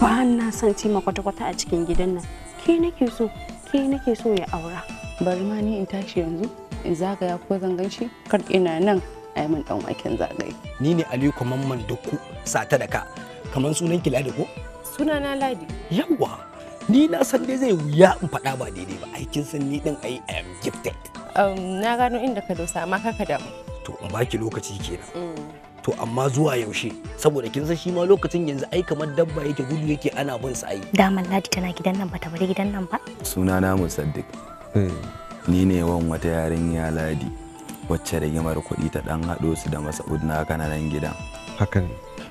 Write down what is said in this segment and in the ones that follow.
ba na son cima kwata-kwata a cikin gidan nan ke nake so ke nake so ya aura bari ma ni in tashi yanzu in zagaya ko zan ganshi kar ina nan a yi min dan waken zagaye ni ne aliko mamman duku sata da ka kamar sunan ki ladi ko sunana ladi yawa ni na san dai zai wuya in faɗa ba daidai ba aikin san ni din ai i am gifted um, na gano inda ka dosa amma kaka damu to in baki lokaci kenan mm. to amma zuwa yaushe saboda kin san shi ma lokacin yanzu ai kamar dabba yake gudu yake ana bin sa ai daman ladi tana gidan nan ba ta bari gidan nan ba suna na musaddiq hmm. ni ne wan wata yarinya ladi wacce rigimar kuɗi ta dan hado su da masa'ud na kananan gidan hakan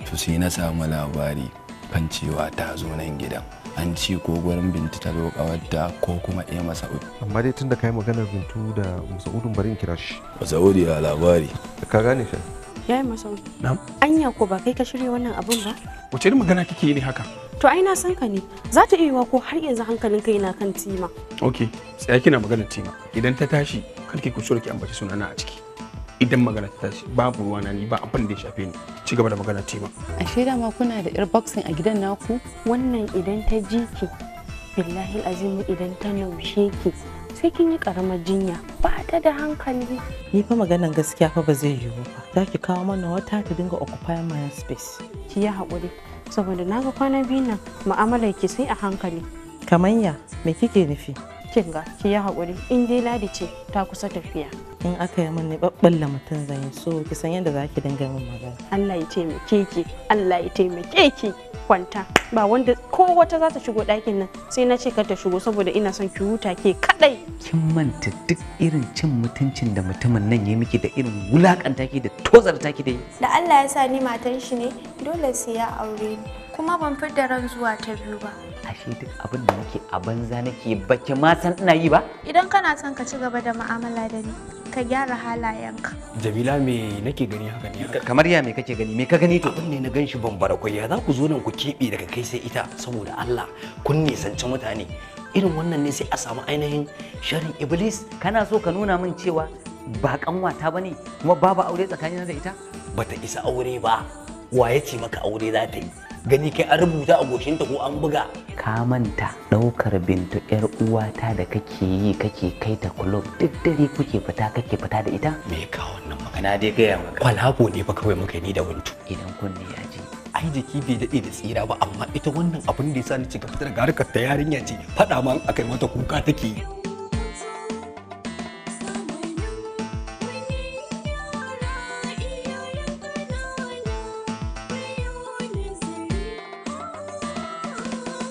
to sai na samu labari kan cewa ta zo nan gidan an ci ko gurin bintu ta zo kawarta ko kuma ɗaya eh masa'ud amma dai tun da kai maganar bintu da masa'udun barin kirashi. kira shi masa'ud ya labari ka gane shi Ya yi masa Na'am. Anya ko ba kai ka shirya wannan abun ba? Wace irin magana kike yi ne haka? To ai na san ka ne. Za ta iya ko har yanzu hankalin kai na kan Tima. Okay, tsaya kina magana Tima. Idan ta tashi, kar ki kusura ki ambaci sunana a ciki. Idan magana ta tashi, babu ruwa na ni ba abin da ya shafe ni. Ci gaba da magana Tima. a da ma kuna da yar boxing a gidan naku? Wannan idan ta ji ki, billahi azimu idan ta naushe ki, sai kin yi karamar jinya. Ba ta da hankali ni fa maganan gaskiya fa ba zai yiwu ba za ki kawo mana wata ta dinga occupy my space ki yi haƙuri saboda naga kwana biyu nan mu'amalar ki sai a hankali kamanya me kike nufi kin ga ki yi haƙuri in dai ladi ce ta kusa tafiya in aka yi mini la mutun zan so ki san yadda zaki dinga min magana Allah ya taimake ki Allah ya taimake ki kwanta ba wanda ko wata za ta shigo ɗakin nan sai na ce ka ta shigo saboda ina son ki huta ke kadai kin manta duk irin cin mutuncin da mutumin nan ya miki da irin wulakanta ki da tozarta ki da Allah ya sa ni matan shi ne dole sai ya aure ni kuma ban fidda ran zuwa ta biyu ba ashe duk abin da nake a banza nake baki ma san ina yi ba idan kana son ka ci gaba da mu'amala da ni ka gyara halayenka jamila me nake gani haka ne kamar ya me kake gani me ka gani to abin ne na ganshi ban barakwai ya za ku zo nan ku kebe daga kai sai ita saboda Allah kun sanci mutane irin wannan ne sai a samu ainihin sharin iblis kana so ka nuna min cewa ba kanwata bane kuma babu aure tsakanin da ita bata isa aure ba wa ya ce maka aure za ta yi gani kai an rubuta a goshinta ko an buga ka manta ɗaukar bintu yar uwata da kake yi kake kai ta club duk dare kuke fita kake fita da ita me ka wannan magana dai ya maka kwalabo ne fa kawai muka ni da wuntu idan kunni ya ji ai jiki bai daɗe da tsira ba amma ita wannan abin da ya ni cika fitar ga harkar ta yarinya ce faɗa ma akai mata kuka take yi